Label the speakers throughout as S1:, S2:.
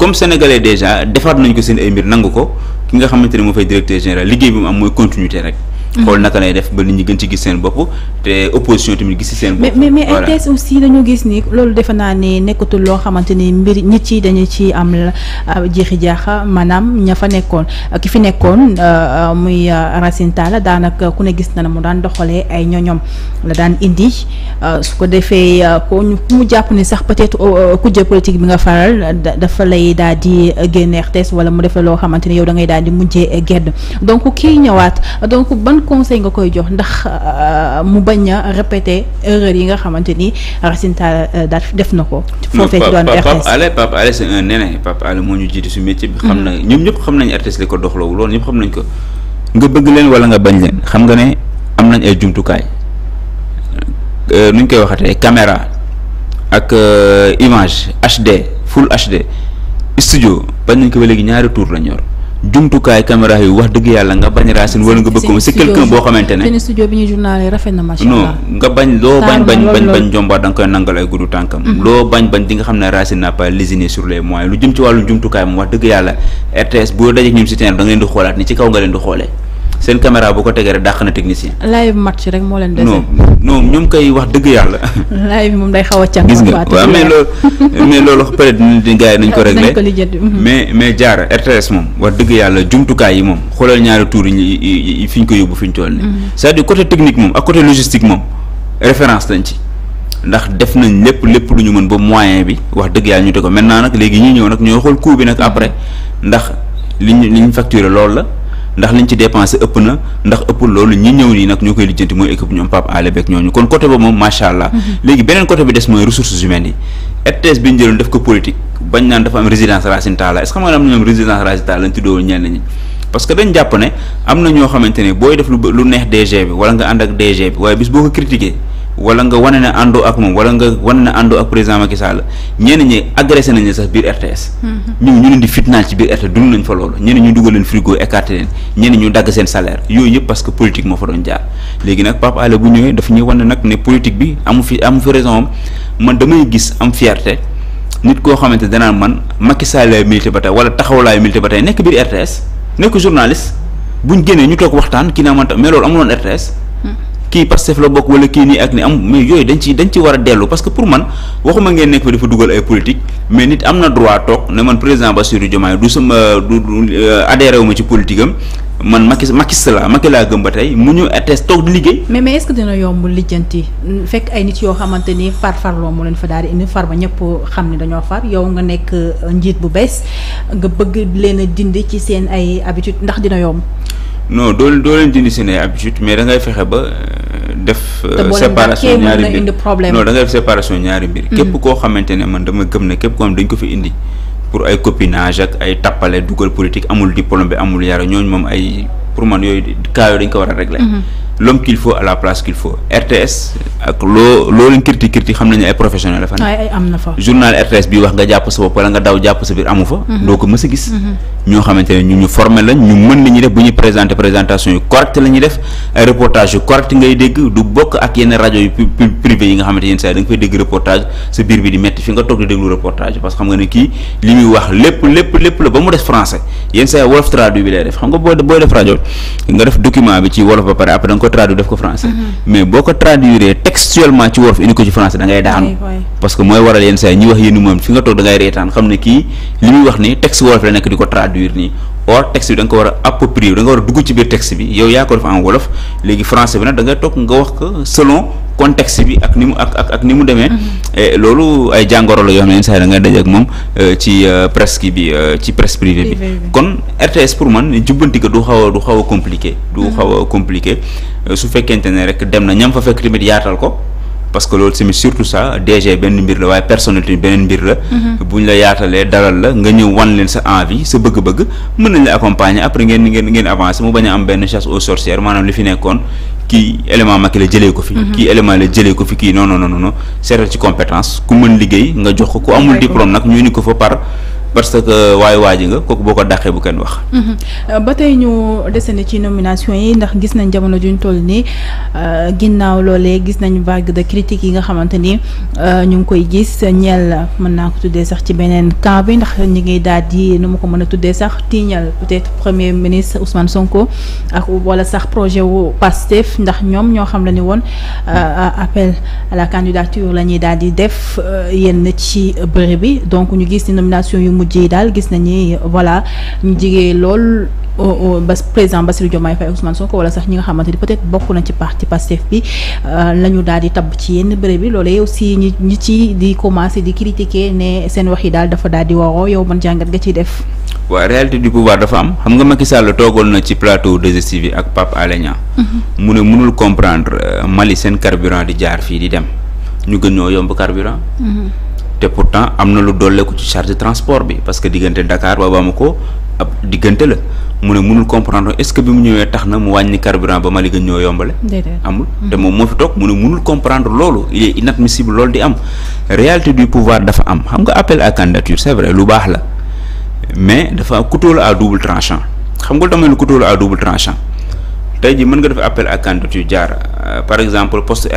S1: comme sénégalais déjà defaat nañ ko seen ay mbir nangu ko ki nga xamante ne moo fay directeur général liggéey bi mu am mooy continuité rek xool naka lay def ba nit ñi gën ci gis seen bopp te opposition tamit gis ci seen bopp mais mais RTS
S2: aussi dañu gis ni loolu defe naa ne nekkatul loo xamante ni mbir nit ci dañu ci am euh, jeexi jaaxa maanaam ña fa nekkoon ki fi nekkoon euh, muy euh, Racine Talla daanaka ku ne gis na ne mu daan doxalee ay ñoñom la daan indi su ko defee ko ñu ku mu jàpp ni sax peut-être kujje politique bi nga faral dafa lay daal di génn RTS wala mu defee loo xamante ni yow da ngay daal di mujjee gedd donc kii ñëwaat donc ban conseil nga koy jox ndax euh, mu bañ a répéter erreur yi nga xamante ni Racine Talla euh, daal def na ko. foofee ci doon RTS Pape Ale
S1: Pape Ale c'est un aîné Ale moo ñu jiitu si métier bi. xam mm-hmm. na ñoom ñëpp xam nañ RTS li ko doxloowu loolu ñëpp ko. nga bëgg leen wala nga bañ leen xam nga ne am nañ ay jumtukaay euh, nuñ koy waxatee caméra ak image HD full HD studio bañ nañ ko ba léegi ñaari tour la ñor. jumtukaay caméra yi wax dëgg yàlla nga bañ racine wala nga bëgg ko c'est quelqu'un boo xamante ne
S2: studio bi ñu journal yi
S1: nga bañ loo bañ bañ bañ bañ jombaat da nga koy nangal ay gudu tànkam mm-hmm. loo bañ bañ di nga xam ne racine n'a pas lésiné sur les moyens lu jëm ci wàllu jumtukaay moom wax dëgg yàlla RTS boo dajee ñun si terrain da leen di xoolaat ni ci kaw nga leen di xoolee seen caméra bu ko tegee rek dàq na technicien.
S2: live match rek moo leen dese.
S1: non non ñoom koy wax dëgg yàlla.
S2: moom day xaw a can. gis nga waaw mais
S1: loolu mais loolu wax peut être nit gars yi nañ ko réglé mhm. mais mais jaar RTS moom wax yi moom xoolal ñaari tour yi fi ñu ko yóbbu fi ñu toll nii. Mhm. cest côté technique moom ak côté logistique moom référence lañ ci. ndax def nañ lépp lépp lu ñu mën ba moyen bi wax dëgg yàlla ñu te ko maintenant nag léegi ñuy ñëw nag ñoo xool coût bi nag après mhm. ndax li ñu li ñu facturé loolu la. ndax liñ ci dépensé ëpp na ndax ëpp loolu ñi ñëw nii nag ñoo koy lijjanti mooy équipe ñoom Pape Alé Beeg ñooñu kon côté boobu moom macha allah. Mm-hmm. léegi beneen côté bi des mooy ressources humaines yi RTS bi ñu def ko politique bañ naan dafa am résidence Racine Talla est-ce que maanaam ñoom résidence Racine Talla lañ tuddoo ñenn ñi parce dañ jàpp ne am na ñoo xamante ne booy def lu neex DG bi wala nga ànd ak DG bi waaye bis boo ko critiqué wala nga wane ne àndoo ak moom wala nga wane ne àndoo ak président Macky Sall ñenn ñi agressé nañ sax biir RTS. Mm-hmm. ñu ñu leen di fitnaal ci biir RTS dund nañ fa loolu ñenn ñu dugal leen frigo écarté leen ñenn ñu dagg seen salaire yooyu yëpp parce que politique moo fa doon jaar léegi nag Pape Alé bu ñëwee daf ñuy wane nag ne politique bi amu fi amu fi raison am man damay gis am fierté nit koo xamante danaa man Macky Sall laay ba tey wala taxaw laay milité ba tey nekk biir RTS nekk journaliste buñ génnee ñu toog waxtaan kii naa man mais loolu amuloon RTS. kii Pastef la bokk wala kii nii ak ni am mais yooyu dañ ci dañ ci war a dellu parce que pour man waxuma ngeen nekk fa dafa dugal ay politique mais nit am na droit toog ne man président Bassirou Diomaye du sama du euh, adhéré wu ma ci politique man Macky Macky Sall Macky laa gëm ba tey mu ñu atteste toog di liggéey.
S2: mais mais est-ce que dina yomb lijjanti fekk ay nit yoo xamante ni far farloo mu leen fa daal di indi far ba ñëpp xam ne dañoo far yow nga nekk euh, njiit bu bees nga bëgg leen a dindi ci seen ay habitude ndax dina yomb.
S1: non doo doo leen dindi seen ay mais da ngay fexe ba. Euh, Euh, def séparation ñaari
S2: mbir non da nga
S1: def séparation ñaari mbir képp koo xamante ne man dama gëm ne képp koo xam dañ ko fi indi pour ay copinage ak a mm-hmm. la place qu'il faut RTS loolu ñu kirti kirti xam nañu ay ay am na fa journal RTS bi wax nga jàpp sa bopp wala nga daw jàpp sa biir amu fa mm-hmm. doo ko mës a gis mm-hmm. ñoo xamante ne ñu ñu formé lañ ñu mën li def bu ñuy présenté présentation yu correct la def ay reportage yu correct ngay dégg du bokk ak yenn rajo yu privé yi nga xamante yenn nga fay dégg reportage sa nga def document bi ci wolof ba pare après da ko traduit def ko français mm-hmm. mais boo ko traduire textuellement ci wolof indi ko ci français da daanu parce que mooy waral yenn saa ñi wax yéen moom fi nga toog da reetaan xam ne kii li traduire nii or texte bi da ko war a approprier da nga war a dugg ci biir texte bi yow yaa ko def en wolof léegi français bi nag da nga toog nga wax que selon contexte bi ak ni mu ak ak ak ni mu demee mm-hmm. eh, loolu ay jàngoro la yoo xam ne yenn saa yi da nga daje ak moom eh, eh, ci presse bi ci presse privée bi kon RTS pour man jubbanti ko du xaw a du xaw a compliqué du mm-hmm. xaw a compliqué su fekkente ne rek dem na ñam fa fekk tamit yaatal ko parce que loolu tamit surtout ça DG benn mbir la waaye personnalité beneen mbir la. Mhm. buñ la yaatalee dalal la nga ñëw wan leen sa envie sa bëgg-bëgg mën nañ la accompagner après ngeen ngeen ngeen avancer mu bañ a am benn chasse aux sorcières maanaam li fi nekkoon kii élément Macky la jëlee ko fi. Mhm. kii élément la jëlee ko fi kii non non non seetal ci compétence ku mën liggéey nga jox ko ku amul diplôme nag ñu ni ko fa par. parce que waaye waaji nga kooku boo ko dàqee bu kenn wax.
S2: Mhm. Euh, ba tey ñu desandi ci nomination yi ndax gis nañ jamono juñ toll nii euh, ginnaaw loolee gis nañ vague de critique yi nga xamante ni euh, ñu ngi koy gis ñeel mën naa ko tuddee sax ci beneen camp bi ndax ñi ngi daal di nu ma ko mën a tuddee sax tiiñal peut-être premier ministre Ousmane Sonko ak wala sax projet wu PASTEF ndax ñoom ñoo xam la ni woon appel à la candidature la ñuy daal di def yenn ci bë bi donc ñu gis ni nomination yu. mujj yi daal gis nañu voilà ñu jigee lool ba président Bassirou Diomaye Faye Ousmane Sonko wala sax ñi nga xamante ni peut-être bokk na ci parti Pastef bi euh, la ñu daal di tabb ci yenn bërëb bi loolee aussi ñi ñi ci di commencer di critiquer ne seen wax yi daal dafa daal di waroo yow man jàngat nga ciy def.
S1: waa réalité du pouvoir dafa am xam nga Macky Sall toogoon na ci plateau 2STV ak Pape Alé
S2: mm-hmm.
S1: mu ne mënul comprendre euh, Mali seen carburant di jaar fii di dem ñu gën ñoo yomb te pourtant am na lu dolleeku ci charge de transport bi parce que diggante Dakar ba ko ab diggante la mu ne mënul comprendre est-ce que bi mu ñëwee tax na mu wàññi carburant ba Mali gën ñoo yombale. amul mm-hmm. te moom moo fi toog mu ne mënul comprendre loolu il est inadmissible loolu di am réalité du pouvoir dafa am xam nga appel à candidature c'est vrai lu baax la mais dafa couteau la à double tranchant xam nga damay lu couteau la à double tranchant tey jii mën nga def appel à candidature jaar euh, par exemple poste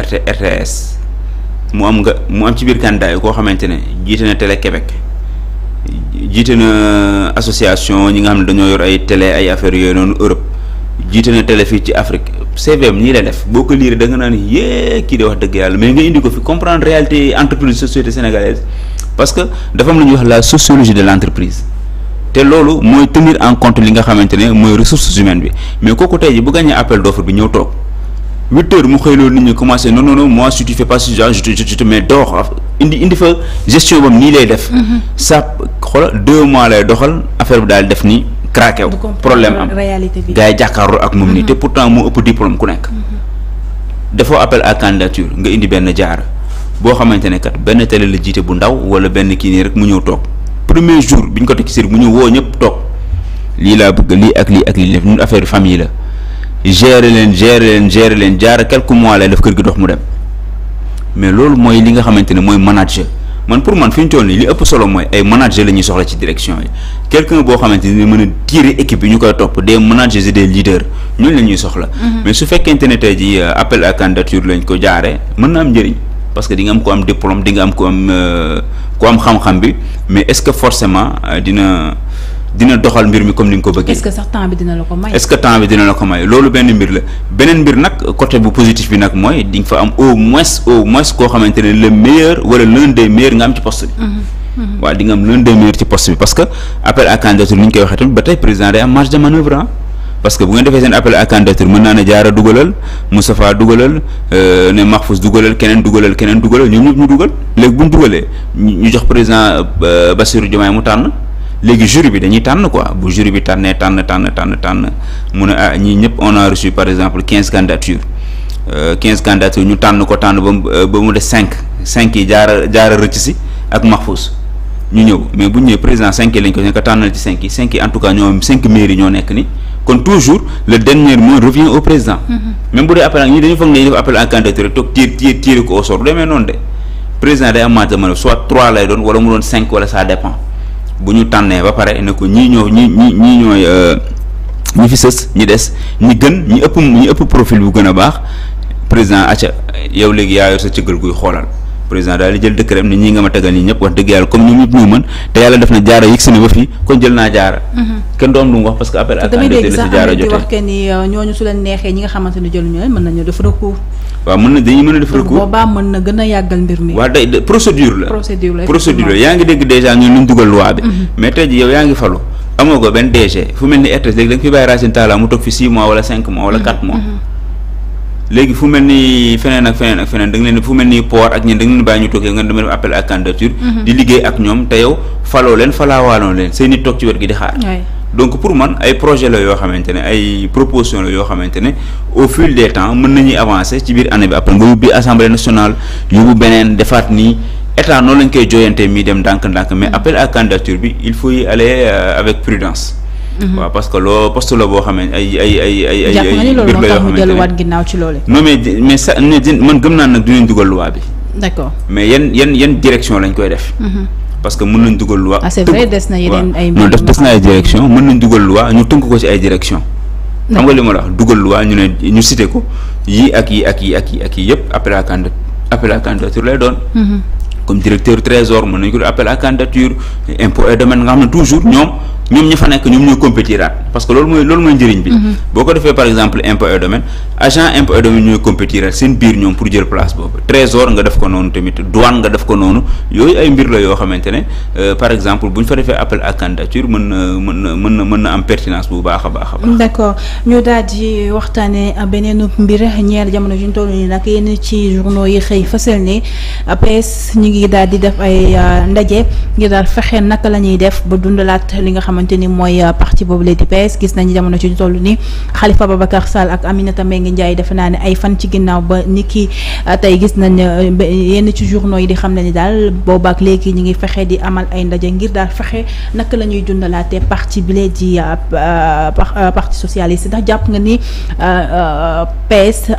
S1: mu am nga mu am ci biir candidat yi koo xamante ne jiite na télé Québec jiite na association ñi nga xam ne dañoo yor ay télé ay affaires yooyu noonu Europe jiite na télé fii ci Afrique CVM ñii la def boo ko liiree da nga naan yee kii de wax dëgg yàlla mais nga indi ko fi comprendre réalité entreprise société sénégalaise parce que dafa am lu ñuy wax la sociologie de l' entreprise. te loolu mooy tenir en compte li nga xamante ne mooy ressources humaines bi mais kooku tey ji bu gagné appel ñëw toog. huit mu xëy loolu nit ñi commencé non non non moi si tu fais pas si genre je te je indi indi fa gestion bam nii lay def. sa xool deux mois lay doxal affaire bi daal def ni craqué problème am
S2: gars yi jàkkaarloo
S1: ak moom nii te pourtant moo ëpp diplôme ku nekk. dafoo appel à candidature nga indi benn jaar boo xamante ne kat benn tele la jiite bu ndaw wala benn kii nii rek mu ñëw toog premier jour bi ñu ko teg ci mu ñëw woo ñëpp toog lii laa bëgg lii ak lii ak affaire famille la. gérer leen gérer leen gérer leen jaar quelques mois lay def kër gi dox mu dem mais loolu mooy li nga xamante ne mooy manager man pour man fi ñu toll nii li ëpp solo mooy ay manager la ñuy soxla ci direction yi quelqu'un boo xamante ni mën a tirer équipe yi ñu koy topp des managers et des leaders ñooñu soxla. Mm-hmm. mais su fekkente ne tey jii euh, appel à candidature lañ ko jaaree mën na am njëriñ parce di nga am ko am diplôme di nga am ko am. Euh, ku am xam-xam bi mais est-ce que forcément euh, dina dina doxal mbir mi comme ni nga ko bëggee. est-ce que
S2: temps bi dina la ko may. est-ce
S1: que temps bi loolu benn mbir la beneen mbir nag côté bu positif bi nag mooy di nga fa am au moins au moins koo xamante ne le meilleur wala l'un des meilleurs nga am ci poste bi. Mhm, mhm. waaw di am l'un des meilleurs ci poste bi parce que appel à candidature ni ñu koy waxee tamit ba tey président day am marge de manœuvre ah. parce que bu ngeen defee seen appel à candidature mën naa ne jaara dugalal Moustapha dugalal euh, ne Mahfous dugalal keneen dugalal keneen dugalal ñoom ñëpp ñu dugal léegi bu ñu dugalee ñu jox président euh, Bassirou Diomaye mu tànn léegi jury bi dañuy tànn ko bu jury bi tànnee tànn tànn tànn tànn mu ne ah ñii ñëpp on a reçu par exemple quinze candidatures euh, quinze candidatures ñu tànn ko tànn ba mu ba mu des cinq cinq yi jaara jaara rëcc si ak Mahfous ñu ñëw mais bu ñu ñëwee président cinq yi cinq yi cinq yi en tout cas ñoo nekk ni kon toujours le dernier mot revient au président. Mm-hmm. même bu dee appel ñi dañu foog ne def appel à candidature rek toog tiir tiir tiir ko au sort du demee noonu de président day am marge de manœuvre soit trois lay doon wala mu doon cinq wala ça dépend bu ñu tànnee ba pare ne ko ñii ñoo ñii ñii ñii ñooy euh, ñi fi sës ñi des ñi gën ñi ëpp ñi ëpp profil bu gën a baax président acca yow léegi yaa yor sa cëggal guy xoolal. président daal di jël dëkk rek ni ñii nga ma tegal ñii ñëpp wax dëgg yàlla comme ñoom ñëpp mën te yàlla def na jaara yëg si ba fii kon jël naa jaara mhm. kenn doom du mu wax parce que après damay dégg sax jaara jotee wax
S2: que ni euh, ñooñu su leen a
S1: a bi mhm. mais tey ji yaa ngi falu amoo ko benn DG fu mel ni RTS léegi da fi bàyyi Racine Talla mu toog fi 6 mois wala 5 mois wala 4 mois mhm. léegi fu mel ni feneen ak feneen ak feneen da nga leen fu mel ni port ak ñeen da nga leen bàyyi ñu toog yow nga dem appel à candidature mhm. di liggéey ak ñoom te yow faloo leen falaawaaloo leen seen i toog ci wet gi di xaar donc pour man ay projet la yoo xamante ne ay proposition la yoo xamante ne au fil des temps mën nañuy avancer ci biir année bi après nga yóbbu assemblée nationale yóbbu beneen defaat nii état noonu lañ koy jooyante mi dem ndànk-ndànk mais mhm. appel à candidature bi il faut y aller euh, avec Mhm. waaw parce que loo poste la boo xamee ay ay ay ay ay. jàpp nga ne man gëm dugal loi bi. mais yan yan direction lañ koy def. Mhm. parce que ah, mën nañ dugal loi. ñu tënk ko ci ay direction xam nga li ma la wax dugal loi ñu ne ñu cité ko yii yi ak yi ak yi ak yi yëpp appel à candidat appel mhm. appel à candidature impôt et nga xam ne toujours ñoom. ñoom ñi fa nekk ñoom ñooy compétiraat parce que loolu mooy loolu mooy njëriñ bi. Mhm. boo ko defee par exemple impôt et domaine agent impôt et domaine ñooy compétiraat seen biir ñoom pour jël place boobu trésor nga def ko noonu tamit douane nga def ko noonu yooyu ay mbir la yoo xamante ne euh, par exemple bu ñu fa defee appel à candidature mën na mën na mën na mën na am pertinence bu baax a baax a
S2: baax. d' accord ñu daal di waxtaanee beneen mbir ñeer jamono ji ñu toll nii nag yenn ci journaux daal di def ay euh, ndaje ngir daal fexe naka la ñuy def ba dundalaat li xamante ni mooy euh, parti boobu la di gis nañu jamono ci ñu toll ni Khalifa Babacar Sall ak amina Aminata ngi Ndiaye defe naa ne ay fan ci ginnaaw ba ni ki euh, tey gis nañ euh, yenn ci journaux yi di xam na ni daal boobaak léegi ñu ngi fexe di amal ay ndaje ngir daal fexe naka la ñuy dundalaate parti bi la di parti socialiste ndax jàpp nga ni PS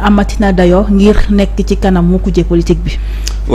S2: na dayo ngir nekk ci kanamu kuje politique bi.